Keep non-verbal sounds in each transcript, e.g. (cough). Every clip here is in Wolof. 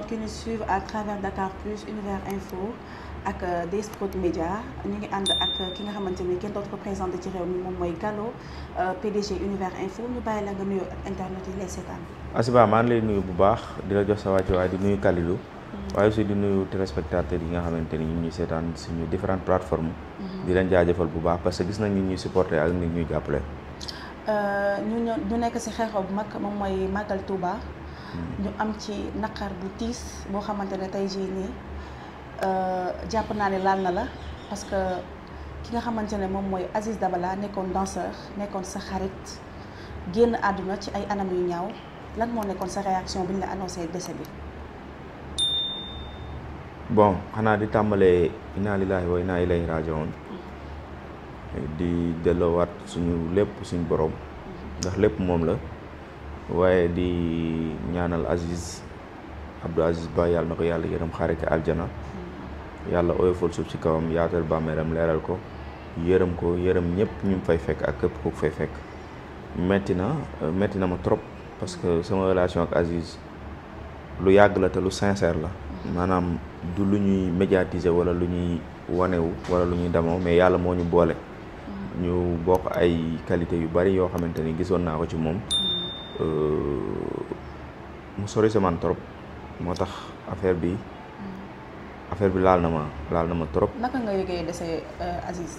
internautes qui nous suivent à travers Dakar Plus Univers Info ak euh, DS Média ñu ngi ànd ak ki nga xamante nii kenn dootu ko présenté ci réew mi moom mooy Gallo euh, PDG Univers Info ñu bàyyi la nga nuyu internautes yi lay seetaan. Asiba maa ngi lay nuyu bu baax di la jox sa wàccuwaay di nuyu Kalilou. Mm-hmm. waaye aussi di nuyu téléspectateurs yi nga xamante ni ñu ngi seetaan suñu différentes plateformes. Mm-hmm. di leen jaajëfal bu baax parce que gis nañ ni ñuy supporter ak ni ñuy jàppale. Euh, ñu nekk si xeexoo bu mag moom mooy Magal ñu am ci naqar bu tiis boo xamante ne tey jii nii euh, jàpp naa ne laal na la parce que ki nga xamante ne moom mooy Aziz balaa nekkoon danseur nekkoon sa xarit génn àdduna ci ay anam yu ñaaw lan moo nekkoon sa réaction bi ñu la annoncé décès bi. bon xanaa di tàmbalee inna lillahi wa inna ilayhi rajiun mm-hmm. di delloowaat suñu lépp suñu borom mm-hmm. ndax lépp moom la. waaye di ñaanal Aziz Abdou Aziz Ba yàlla na ko yàlla yërëm xaare aljana yàlla oyofal suuf ci kawam yaatal bàmmeeram leeral ko yërëm ko yërëm ñëpp ñu fay fekk ak képp ku fay fekk metti na metti na ma trop parce que sama relation ak Aziz lu yàgg la te lu sincère la maanaam du lu ñuy médiatiser wala lu ñuy wanewu wala lu ñuy demoo mais yàlla moo ñu boole mm. ñu bokk ay qualité yu bari yoo xamante ni gisoon naa ko ci moom Euh, mu sori si trop moo tax affaire bi affaire bi laal na ma laal na ma trop. naka nga yëgee dese euh, Aziz.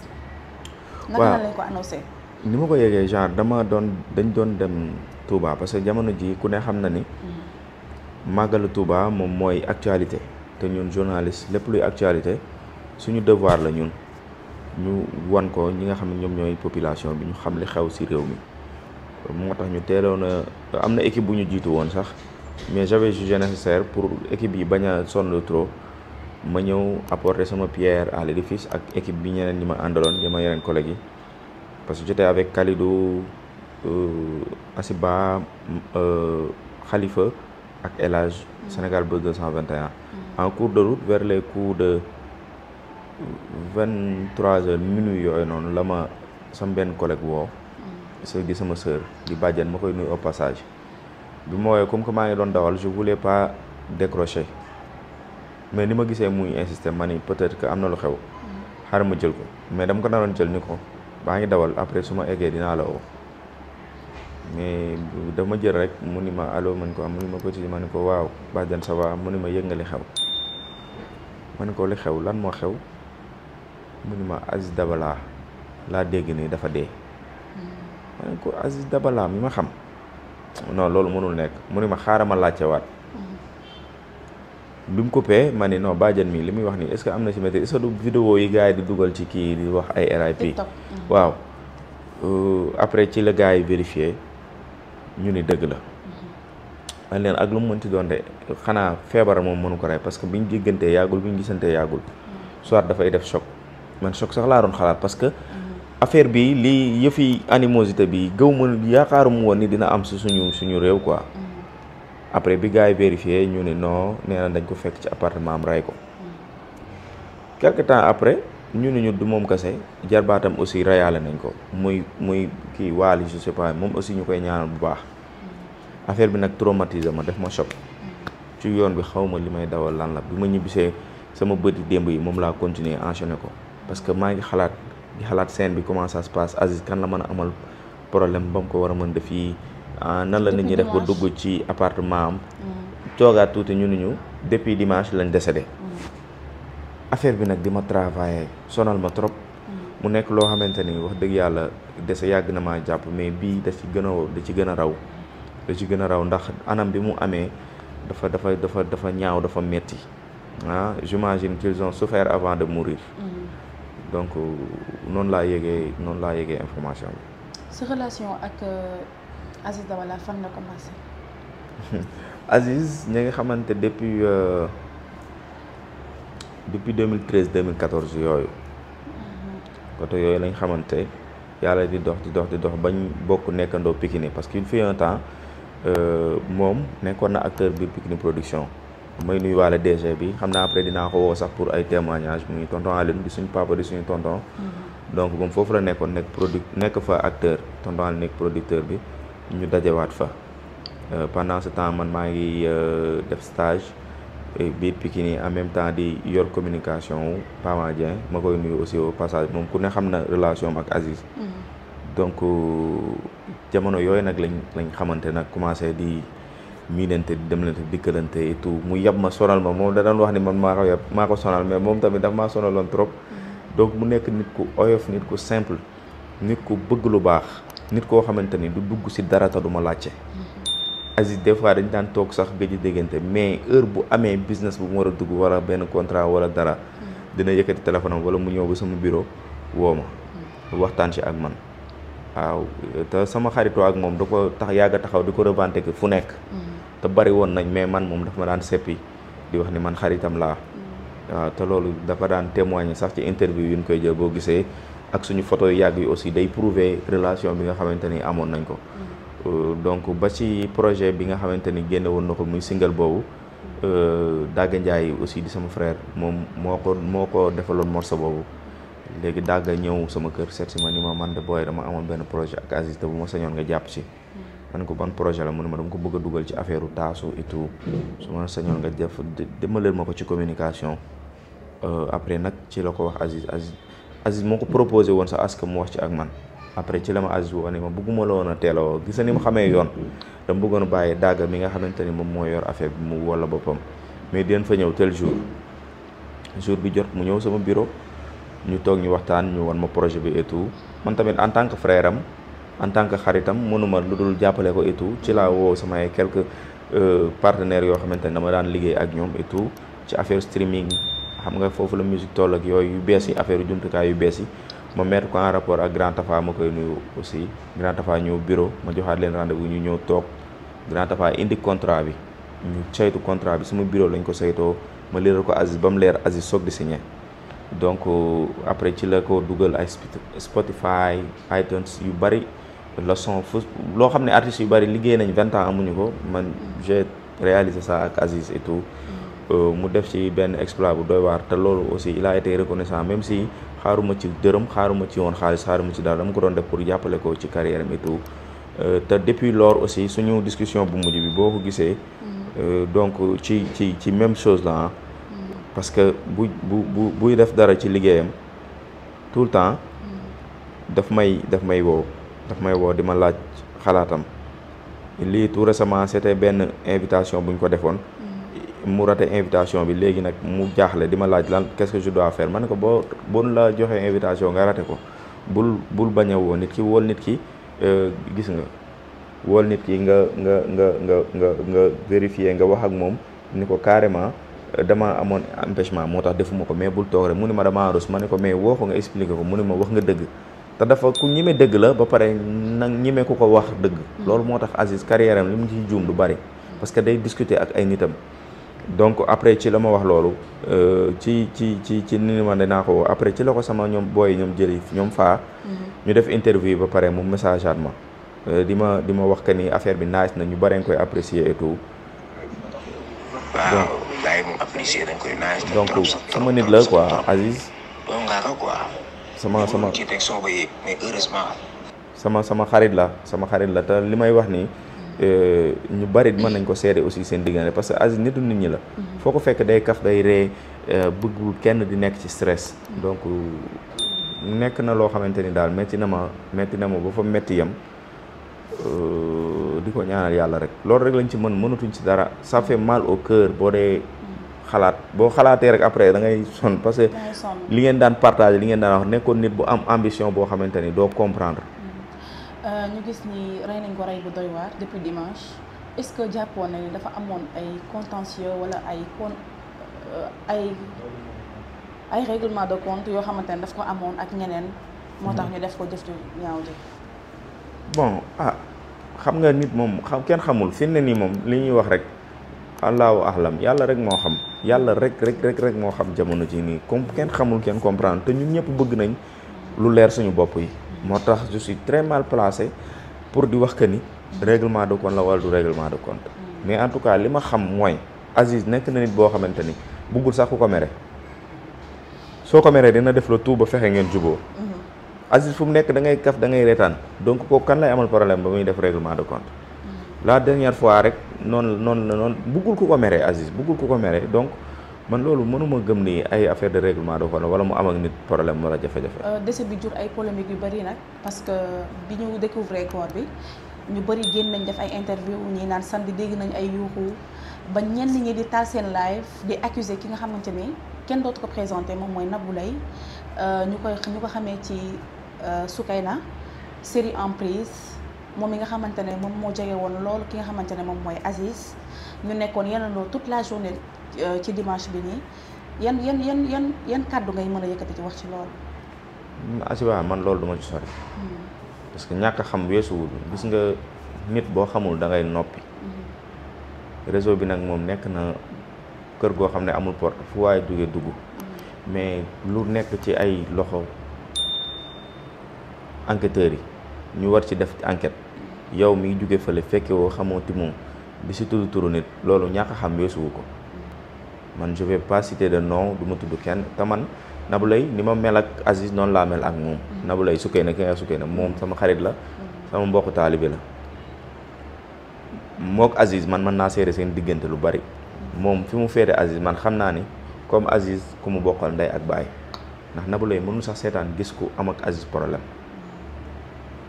naka lañ ko annoncé. ni ma ko yëgee genre dama doon dañ doon dem Touba parce que jamono ji ku ne xam na ni. Mm. màggalu Touba moom mooy actualité te ñun journaliste lépp luy actualité suñu devoir la ñun ñu wan ko ñi nga xam ne ñoom ñooy population bi ñu xam li xew ci réew mi. moo tax ñu teeloon a euh, am na équipe bu ñu jiitu woon sax mais j'avais jugé nécessaire pour équipe yi bañ a sonn trop ma ñëw apporter sama pierre à l'édifice ak équipe bi ñeneen ñi ma àndaloon bi ma yeneen collègues yi parce que j'étais avec Khalidou euh, Asiba xalifa euh, ak El Hadj Sénégal Buzz 221 mm-hmm. en cours de route vers les coups de vingt trois heures minuit yooy noonu la ma sama benn collègue woo sœur di sama sœur di bàjjan ma koy nuyu au passage bi ma woowee comme que maa ngi doon dawal je voulais pas décrocher mais ni ma gisee muy insister ma ni peut-être que am na lu xew xaaral ma jël ko mais dama ko naroon jël ni ko baa ngi dawal après su ma dinaa la woo mais dama jël rek mu ni ma allo man ko am mu ni ma ko ci ma ni ko waaw bàjjan ça va mu ni ma yëg nga li xew ma ni ko li xew lan moo xew mu ni ma Aziz Dabala laa dégg ni dafa dee ma ne ko Aziz Dabala mi ma xam non loolu mënul nekk mu ne ma xaaral ma laajte waat mhm. bi mu coupé ma ne non bàjjan mii li muy wax nii est-ce que am na si météo est-ce que du vidéo yi gars yi di dugal ci kii di wax ay RIP mhm. waaw euh, après ci la gars yi vérifié ñu ni dëgg la mhm. man leen ak lu mu mënti doon de xanaa feebar moom mënu ko rey parce que bi biñ déggantee yàggul biñ gisantee yàggul soit dafay def choc man choc sax laa doon xalaat parce que affaire bii lii yëfi animosité bii gëw ma yaakaaruma woon ni dina am si suñu suñu réew quoi mm. après bi gars yi vérifié ñu ne non nee na dañ ko fekk ci appartement am ray ko mm. quelque temps après ñu ne ñu du moom kese jarbaatam aussi rayaale nañ ko muy muy kii waali je sais pas moom aussi ñu koy ñaanal bu baax mm. affaire bi nag traumatisé ma def ma choc ci yoon bi xaw ma li may dawal lan bi ma ñibbisee sama bëti démb yi moom laa continuer enchaîner ko parce que maa ngi xalaat di xalaat scène bi comment ça se passe kan la mën a amal problème ba mu ko war a mën def yi ah, nan la nit ñi def ba dugg ci appartement am mm. toogaat tuuti ñu ni ñu depuis dimanche lañ de mm. affaire bi nag di ma travailler sonal ma trop mm. mu nekk loo xamante ni wax dëgg yàlla dese yàgg na maa jàpp mais bii da ci gën a da ci gën a raw da ci gën a raw ndax anam bi mu amee dafa dafa dafa dafa ñaaw dafa metti ah j'imagine qu'ils ont souffert avant de mourir donc euh, noonu laa yëgee noonu laa yëgee information bi. sa relation ak euh, Aziz Dabala fan la commencé. (laughs) Aziz ñi nga xamante depuis euh, depuis 2013 2014 yooyu. Mm-hmm. côté yooyu lañ xamante yàlla di dox di dox di dox bañ bokk nekkandoo Pikini parce que qu'il fut un temps euh, moom nekkoon na acteur bi Pikini production. mooy nuyu waale DG bi xam naa après dinaa ko woo sax pour ay témoignages muy tonton Alioune di suñu papa di suñu tonton. Mm-hmm. donc moom foofu la nekkoon nekk product nekk fa acteur tonton Alioune nekk producteur bi ñu dajewaat fa. Euh, pendant ce temps man maa ngi euh, def stage euh, biir Pikine en même temps di yor communication wu Pama Dieng ma koy nuyu aussi au passage moom ku ne xam na relation am ak Aziz. Mm-hmm. donc jamono yooyu nag lañ lañ xamante nag commencé di. miinante di demlante dikkalante et tout mu yab ma sonal ma moom da daan wax ni man maa ko yab ko sonal mais moom tamit daf maa sonaloon trop mm. donc mu nekk nit ku oyof nit ku simple nit ku bëgg lu baax nit koo xamante ni du dugg si dara ta duma ma laajte. Mm-hmm. Aziz des fois dañ daan toog sax gëj a déggante mais heure bu amee business bu mu war a dugg wala benn contrat wala dara mm. dina yëkkati téléphone am wala mu ñëw ba sama bureau woo ma mm. waxtaan si ak man. waaw te sama xaritoo ak moom da ko tax yàgg a taxaw di ko revendiquer fu nekk mm-hmm. te bari woon nañ mais man moom dafa ma daan seppi di wax ni man xaritam laa mm-hmm. waaw te loolu dafa daan témoigner sax ci interview yu ñu koy jël boo gisee ak suñu photo yu yàgg yi aussi day prouver relation bi nga xamante ni amoon nañ ko mm-hmm. euh, donc ba ci projet bi nga xamante ni génne woon na ko muy single boobu euh, Daga Ndiaye aussi di sama frère moom moo ko moo ko defaloon morceau boobu léegi dàgga ñëw sama kër seet si ma ni ma man de booy dama amoon benn projet ak Aziz te bu ma sañoon nga jàpp si hmm. man ko ban projet la mu ne ma dama ko bëgg a dugal ci affaire u taasu et tout su ma sañoon nga def demaleel ma ko ci communication euh, après nag ci la ko wax Aziz Aziz Aziz moo ko proposé woon sax aska mu wax ci ak man après ci la ma Aziz woo ne ma bëgguma la woon a teel a woo gis ni ma xamee yoon dama bëggoon bàyyi dàgga mi nga xamante ni moom moo yor mu wala boppam mais dinañ fa ñëw tel jour jour bi jot mu ñëw sama bureau ñu toog ñu waxtaan ñu wan ma projet bi et tout man tamit en tant que frère en tant que xaritam mënuma lu dul jàppale ko et ci laa woo samay quelques euh, partenaires yoo xamante ne dama daan liggéey ak ñoom et ci affaire streaming xam nga foofu la musique toll ak yooyu yu bees yi affaire jumtukaay yu bees yi ma mettre ko en rapport ak Grand Tafa ma koy nuyu aussi Grand Tafa ñëw bureau ma joxaat leen rendez-vous ñu ñëw toog Grand Tafa indi contrat bi ñu saytu contrat bi sama bureau lañ ko saytoo ma leeral ko Aziz ba mu leer Aziz soog donc euh, après ci la ko dugal ay Spotify iTunes yu bari le son fu loo xam ne artistes yu bari liggéey nañ vingt ans amuñu ko man j'ai réalisé sa ak Aziz et mm. euh, mu def ci benn exploit bu doy waar te loolu aussi il a été reconnaissant même si xaaruma ci dërëm xaaruma ci woon xaalis xaaruma ci dara dama ko doon def pour jàppale ko ci carrière am et tout euh, te depuis lors aussi suñu discussion bu mujj bi boo ko gisee mm. donc ci ci ci même chose la parce que bu bu bu buy def dara ci liggéeyam tout le temps daf may daf may woo daf may woo di ma laaj xalaatam lii tout récemment c'était benn invitation bu ñu ko defoon mm-hmm. mu raté invitation bi léegi nag mu jaaxle di ma laaj lan quest jour que je dois faire ma ne ko boo boo la joxee invitation nga raté ko bul bul bañ a woo nit ki wool nit ki euh, gis nga wool nit ki nga nga nga nga nga nga vérifier nga wax ak moom ni ko carrément dama amoon empêchement moo tax defuma ko mais bul toog rek mu ni ma dama rus ma ne ko mais woo ko nga expliqué ko mu ni ma wax nga dëgg te dafa ku ñime dëgg la ba pare nag ñime ku ko wax dëgg hmm. loolu moo tax Aziz carrière li mu ci juum du bari parce que day discuter ak ay nitam donc après ci la ma wax loolu euh, ci ci ci ci ni ma dinaa ko après ci la ko sama ñoom booy ñoom jëli ñoom faa hmm. ñu def interview ba pare mu message at ma euh, di ma di ma wax que ni affaire bi nice na ñu bare nga koy apprécier et tout gars donc sama nit la quoi Aziz. ko quoi. sama sama ci teg sama sama xarit la sama xarit la te li may wax nii. ñu eh, bari mën nañ ko seede aussi seen diggante parce que Aziz nitu nit ñi la. Mhm. foo ko fekk day kaf day ree eh, bëggul kenn di nekk ci stress. Mhm. donc nekk na loo xamante ni daal métti na ma métti na ma ba fa métti yam. di ko ñaanal yàlla rek loolu rek lañ ci mën mënatuñ ci dara ça fait mal au cœur boo dee xalaat boo xalaatee rek après da ngay sonn parce que li ngeen daan partager li ngeen daan wax nekkoon nit bu am ambition boo xamante ni doo comprendre mm-hmm. euh, ñu gis ni rey nañ ko rey bu doy depuis dimanche est que jàppoon na dafa amoon ay contentieux wala ay euh, ay ay de compte yoo xamante ne daf ko amoon ak ñeneen moo tax mm-hmm. ñu def ko jëf ñaaw ji bon ah xam nga nit moom xam kenn xamul fi ne nii moom li ñuy wax rek allahu ahlam yàlla rek moo xam yàlla rek rek rek rek moo xam jamono ci nii comme kenn xamul kenn comprendre te ñun ñëpp bëgg nañ lu leer suñu bopp yi moo tax je suis très mal placé pour di wax que ni règlement de compte la wala du règlement de compte mais en tout cas li ma xam mooy Aziz nekk na nit boo xamante ni buggul sax ku ko mere soo ko meree dina def la tout ba fexe ngeen juboo Aziz fu mu nekk da ngay kaf da ngay reetaan donc kooku kan lay amal problème ba muy def règlement de compte mm. la dernière fois rek noonu noonu la noonu ko meree Aziz buggul ku ko meree donc man loolu mënuma gëm ni ay affaire de règlement de compte wala mu am ak nit problème wala jafe-jafe. Euh, décès bi jur ay polémique yu bëri nag parce que bi ñu découvrir corps bi ñu bëri génn nañ def ay interview ñi naan samedi dégg nañ ay yuuxu ba ñenn ñi di taal seen live di accuser ki nga xamante ni kenn dootu ko présenté moom mooy Nabou Leye euh, ñu su euh, Soukayna série Emprise moom mi nga xamante ne moom moo jege woon loolu ki nga xamante ne moom mooy Aziz ñu nekkoon yenandoo tout la journée euh, ci dimanche bi nii yan yan yan yan yan kàddu ngay mën a yëkkati ci wax ci loolu. asiba man loolu duma ci sori. Hmm. parce que ñàkk xam weesuwul gis nga nit boo xamul dangay noppi. Hmm. réseau bi nag moom nekk na kër goo xam ne amul porte fu waaye duggee dugg hmm. mais lu nekk ci ay loxo. enquêteurs yi ñu war ci def enquête yow mi juge fële fekke woo xamooti moom bi si tudd turu nit loolu ñàkk a xam weesuwu ko man je vais pas citer de nom du ma tudd kenn te man Nabou ni ma mel ak Aziz noonu laa mel ak moom mm-hmm. nabulay sukkee na ki nga sukkee na moom sama xarit la mm-hmm. sama mbokku taalibe la mook Aziz man mën naa seere seen diggante lu bari mm-hmm. moom fi mu féete Aziz man xam naa ni comme Aziz ku mu bokkal ndey ak baay ndax Nabou Leye mënul sax seetaan gis ku am ak problème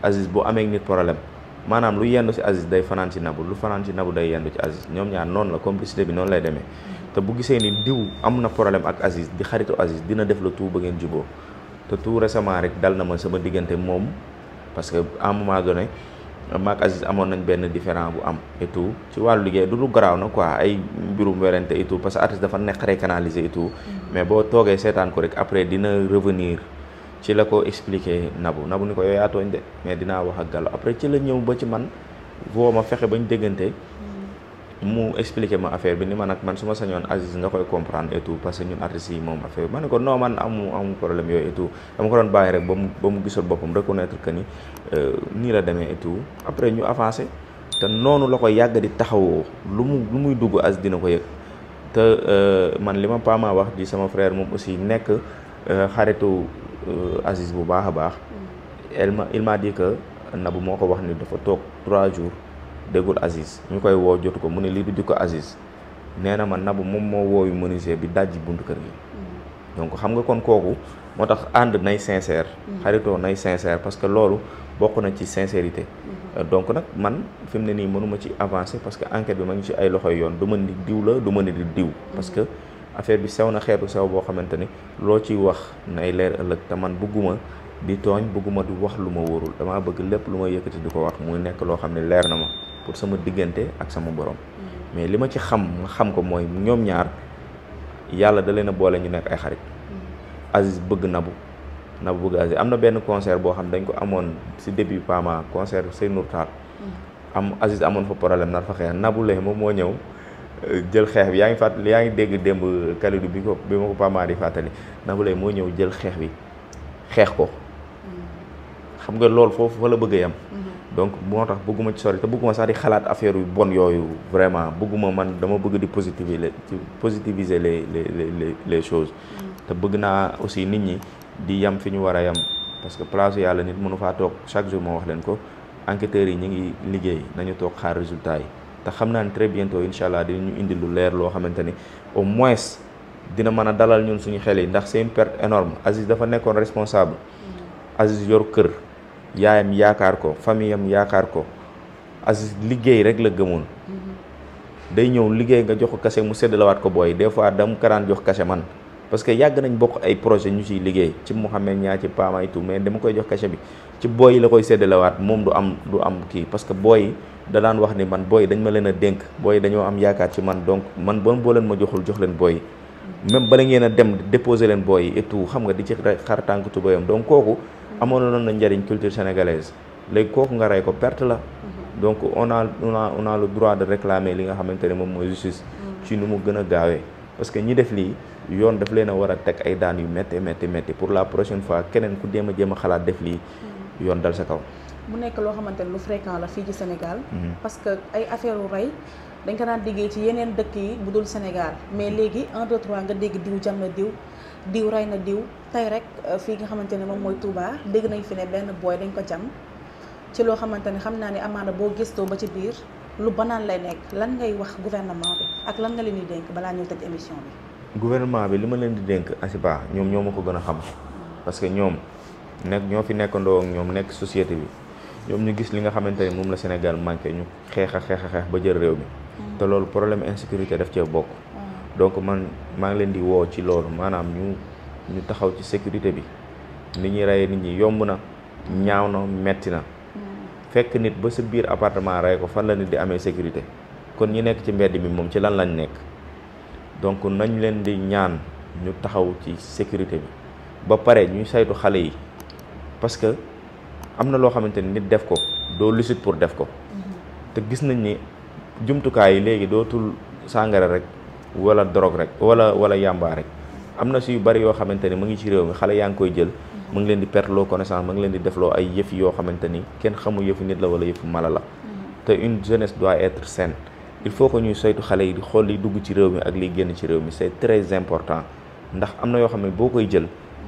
Aziz bu amee nit problème maanaam lu yendu ci Aziz day fanaan ci Nabou lu fanaan ci Nabou day yendu ci Aziz ñoom ñaar noonu la complicité bi noonu lay demee te bu gisee ni diw am na problème ak Aziz di xaritu Aziz dina def la tout ba ngeen juboo te tout récemment rek dal na ma sama diggante moom parce que à un moment donné maak Aziz amoon nañ benn différent bu am et tout ci wàllu liggéey du lu garaaw na quoi ay mbirum werante et tout parce que artiste dafa neqaree canaliser et tout mm-hmm. mais boo toogee seetaan ko après dina revenir ci la ko expliqué Nabou Nabou ni ko yow yaa tooñ de mais dinaa wax ak Gallo après ci la ñëw ba ci man woo ma fexe ba ñu déggante mm. mu expliqué ma affaire bi ni man nag man su ma sañoon Aziz nga koy comprendre et tout parce que ñun artistes moom affaire bi ma ne ko noo man amu amu problème yooyu et tout dama ko doon bàyyi rek ba mu ba mu gisul boppam reconnaître que ni euh, nii la demee et après ñu avancé te noonu la ko yàgg di taxawoo lu mu lu muy dugg Aziz dina ko yëg te euh, man li ma paamaa wax di sama frère moom aussi nekk euh, xaritu Euh, Aziz bu baax a baax mm. elle ma il m'a que Nabou moo ko wax ni dafa toog trois jours déggul Aziz ñu koy woo jotu ko mu ne lii du di ko Aziz nee na ma Nabou moom moo wooyu menuisier bi dajji buntu kër mm. donc xam nga kon kooku moo tax ànd nay sincère mm. xaritoo nay sincère parce que loolu bokk na ci sincérité mm-hmm. euh, donc nag man fi ne nii mënuma ci avancer parce que enquête bi ma ngi ci ay loxoy yoon du ma ni diw la du ma ni di diw parce mm-hmm. que affaire bi sew na xeetu sew boo xamante ni loo ciy wax nay leer ëllëg te man bëgguma di tooñ bëgguma di wax lu ma warul damaa bëgg lépp lu ma yëkkati di ko wax muy nekk loo xam ne leer na ma pour sama diggante ak sama borom mm. mais li ma ci xam nga xam ko mooy ñoom ñaar yàlla da leen a boole ñu nekk ay xarit mm. Aziz bëgg Nabou Nabou bëgg Aziz am na benn concert boo xam dañ ko amoon si début Pama concert Seynour Tall mm. am Aziz amoon fa problème nar fa xeex Nabou moom moo ñëw jël xeex bi yaa ngi fàttali yaa ngi dégg démb Kalidou bi ko bi ma ko Pama di fàttali Nabou Leye moo ñëw jël xeex bi xeex ko mm-hmm. xam nga loolu foofu fa la bëgg yam mm-hmm. donc moo tax bëgguma ci sori te bëgguma sax di xalaat affaire yu bon yooyu vraiment bëgguma man dama bëgg di positiver positiviser les les les les choses mm-hmm. te bëgg naa aussi nit ñi di yam fi ñu war a yam parce que place yàlla nit mënu faa toog chaque jour moo wax leen ko enquêteurs yi ñu ngi liggéey nañu toog xaar résultat yi te xam naa ne très bientôt incha allah dinañu indi lu leer loo xamante ni au moins dina mën a dalal ñun suñu xel yi ndax c'est une perte énorme Aziz dafa nekkoon responsable mm. Aziz yor kër yaayam yaakaar ko famille am yaakaar ko asis liggéey rek la gëmoon mm-hmm. day ñëw liggéey nga jox ko cachet mu séddalawaat ko booy des fois dam karaan jox kase man parce que yàgg nañ bokk ay projet ñu ciy liggéey ci xamee ñaar ci Pama tout mais dama koy jox cachet bi ci booy yi la koy séddalawaat moom du am du am kii parce que booy da daan wax ni man booy dañ ma leen a dénk booy dañoo am yaakaar ci man donc man bon boo leen ma joxul jox leen booy même bala ngeen a dem déposer leen booy et tout xam nga di ci xar tànk tubéyam donc kooku amoon na noonu la njëriñ culture sénégalaise léegi kooku nga rey ko perte la mhm. donc on a on a on a le li nga xamante ne moom mooy justice mhm. ci nu mu gën a gaawee parce que ñi def lii yoon daf leen a war a teg ay daan yu métti métti métti pour la prochaine fois keneen ku jéem a jéem a xalaat def lii mhm. yoon dal sa kaw mu nekk loo xamante ne lu fréquent la fii ci Sénégal. Mhm. parce que ay affaire u rey dañ ko daan déggee ci yeneen dëkk yi bu dul Sénégal mais mhm. léegi un deux trois nga dégg diw jam na diw diw rey na diw tey rek euh, fii nga xamante ne moom mooy Touba dégg nañ fi ne benn booy dañ ko jam ci loo xamante ne xam naa ne amaana boo gëstoo ba ci biir lu banaan lay nekk lan ngay wax gouvernement bi ak lan nga leen di dénk balaa ñuy tëj émission bi. gouvernement bi li ma leen di dénk Asiba ñoom ñoo ma ko gën a xam parce que ñoom nekk ñoo fi nekkandoo ak ñoom nekk société bi. ñoom ñu gis li nga xamante ne moom la Sénégal manqué ñu xeex a xeex a xeex ba jël réew mi mm. te loolu problème insécurité daf cee bokk mm. donc man maa ngi leen di woo ci loolu maanaam ñu ñu taxaw ci sécurité bi ni ñuy reyee nit ñi yomb na ñaaw na metti na mm. fekk nit ba sa biir appartement rey ko fan la nit di amee sécurité kon ñi nekk ci mbedd mi moom ci lan lañ nekk donc nañ leen di ñaan ñu taxaw ci sécurité bi ba pare ñuy saytu xale yi parce am na loo xamante ni nit def ko doo lucide pour def ko te gis nañ ni jumtukaay yi léegi dootul sàngara rek wala drogue rek wala wala yàmbaa rek am na si yu bari yoo xamante ni mu ngi ci réew mi xale yaa ngi koy jël mu ngi leen di perteloo connaissance mu ngi leen di defloo ay yëf yoo xamante ni kenn xamu yëfu nit la wala yëfu mala la te une jeunesse doit être saine il faut que ñuy saytu xale yi di xool liy dugg ci réew mi ak liy génn ci réew mi c'est important ndax am na yoo xam ne boo koy jël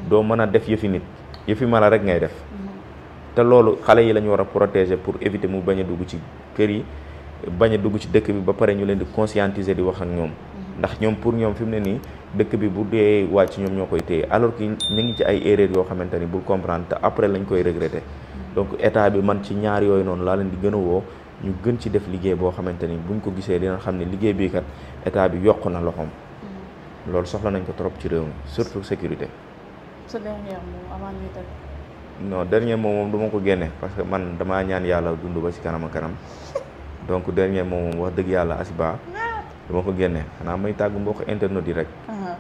doo mën a def yëfi nit yëfi mala rek ngay def te loolu xale yi la ñu war a protéger pour éviter mu bañ a dugg ci kër yi bañ a dugg ci dëkk bi ba pare ñu leen di conscientiser di wax ak ñoom mm-hmm. ndax ñoom pour ñoom fi mu ne nii dëkk bi bu dee wàcc ñoom ñoo koy téye alors que ñu ngi ci ay erreurs yoo xamante ni bul comprendre te après lañ koy regretter mm-hmm. donc état bi man ci ñaar yooyu noonu laa leen di gën a woo ñu gën ci def liggéey boo xamante ni buñ ko gisee dina xam ne liggéey bii kat état bi yokk na loxoom mm-hmm. loolu soxla nañ ko trop ci réew mi surtout sécurité. non dernier moom moom du ma ko génne parce que man damaa ñaan yàlla dund ba ci kanam kanam (laughs) donc dernier mot moom wax dëgg yàlla Asiba du ma ko génne xanaa may tàggu mbokk internet yi rek. Uh-huh.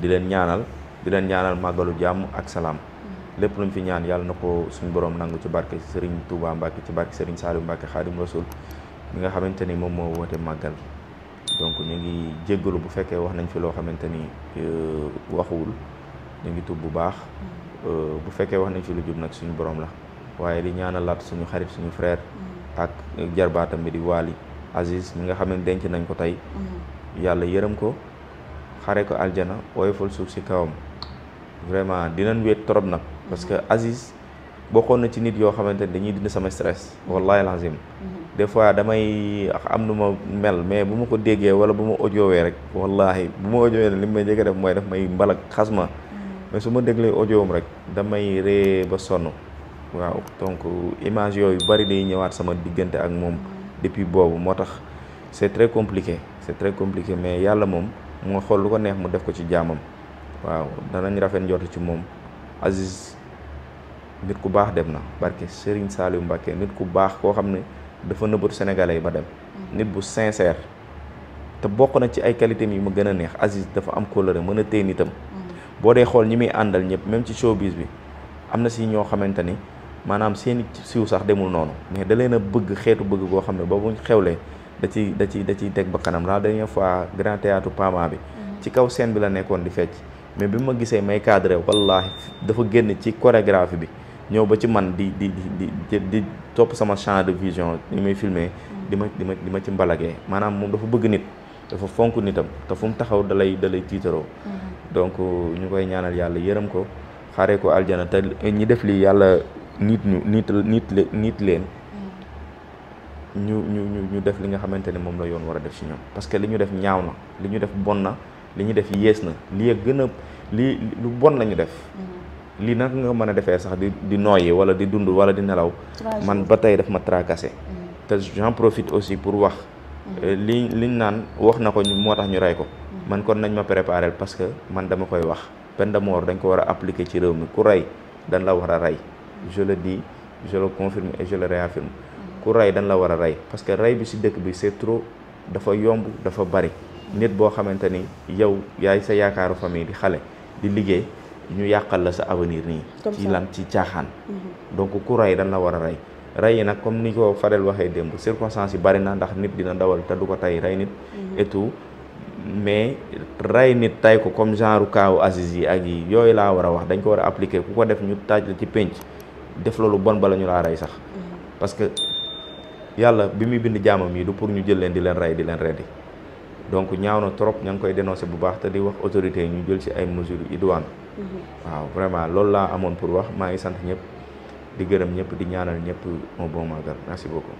di leen ñaanal di leen ñaanal màggalu jàmm ak salaam. Uh-huh. lépp luñ fi ñaan yàlla na ko suñu borom nangu ci barke Serigne Touba Mbacke ci barke Serigne Saliou Mbacke Khadim Rasoul mi nga xamante ni moom moo woote màggal donc ñu ngi jéggalu bu fekkee wax nañ fi loo xamante ni euh, waxuwul ñu ngi tub bu baax. Uh-huh. Euh, bu fekkee wax nañ ci lu jub nag suñu boroom la waaye di laat suñu xarit suñu frère mm-hmm. ak jarbaatam bi di Waly Aziz mi nga xam ne denc nañ ko tey mm-hmm. yàlla yërëm ko xare ko aljana woyofal suuf si kawam vraiment dinañ wéet trop nag mm-hmm. parce que Aziz bokkoon na ci nit yoo xamante ne dañuy dina sama stress wallahi lazim des fois damay am nu ma mel mais bu ma ko déggee wala bu ma audiowee rek wallahi bu ma audiowee ne li may njëkk a def mooy def may mbalak xas mais su ma déglee audio rek damay ree ba sonn waaw donc image yooyu bari day ñëwaat sama diggante ak moom depuis boobu moo tax c'est très compliqué c'est très compliqué mais yàlla moom moo xool lu ko neex mu def ko ci jaamam waaw danañ rafet njootu ci moom Aziz nit ku baax dem na barke Serigne Saliou Mbacké nit ku baax koo xam ne dafa nëbbatu sénégalais yi ba dem mm-hmm. nit bu sincère te bokk na ci ay qualité yi ma gën a neex Aziz dafa am kóllëre mën a téye boo dee xool ñi muy àndal ñëpp même ci showbiz bi am na si ñoo xamante ni maanaam seen siw sax demul noonu mais da leen a bëgg xeetu bëgg goo xam ne ba buñ xewlee da ci da ci da ciy teg ba kanam la dernière fois grand théâtre Pama bi mhm. ci kaw seen bi la nekkoon di fecc mais bi ma gisee may cadré wallaahi dafa génn ci chorégraphie bi ñëw ba ci man di di di di di topp sama champ de vision ni muy filmer mhm. di ma di ma di ma ci mbalagee maanaam moom dafa bëgg nit dafa fonk nitam te fu mu taxaw dalay dalay tiitaroo mm-hmm. donc ñu koy ñaanal yàlla yërëm ko xaaree ko aljana te ñi def lii yàlla nit ñu nit nit nit leen mm-hmm. ñu ñu ñu ñu def li nga xamante ne moom la yoon war a def ci ñoom parce que li ñu def ñaaw na li ñu def bon na li ñu def yées na lii a gën a lii lu bon la ñu def mm-hmm. lii nag nga mën a defee sax di di noyyi wala di dund wala di nelaw man ba tey daf ma tracassé te j'en profite aussi pour wax Euh, li liñ naan wax na ko moo tax ñu rey ko mm-hmm. man kon nañ ma préparer parce que man dama koy wax peine de dañ ko war a appliquer ci réew mi ku rey dañ la war a rey je le dis je le confirme et je le mm-hmm. rey dañ la war a rey parce que rey bi si dëkk bi c'est trop dafa yomb dafa bari mm-hmm. nit boo xamante ni yow yaay sa yaakaaru famille di xale di liggéey ñu yàqal la sa avenir nii ci lan ci caaxaan donc ku rey dañ la war a rey rey yi nag comme ni ko fareel waxee démb circonstances yi bari na ndax nit dina dawal te du ko tay rey nit mhm. et mais rey nit tay ko comme genre kaawu Aziz yi ak yi yooyu laa war a wax dañ ko war a appliquer ku ko def ñu taaj la ci pénc def la lu bon bala ñu laa rey sax mhm. parce que yàlla bi muy bind jaamam yi du pour ñu jël leen di leen rey di leen reddi donc ñaaw na trop ña ngi koy dénoncé bu baax te di wax autorité yi ñu jël ci ay mesures idoines mhm. waaw vraiment loolu laa amoon pour wax maa ngi sant ñëpp di gërëm ñëpp di ñaanal ñëpp un bon magal merci beaucoup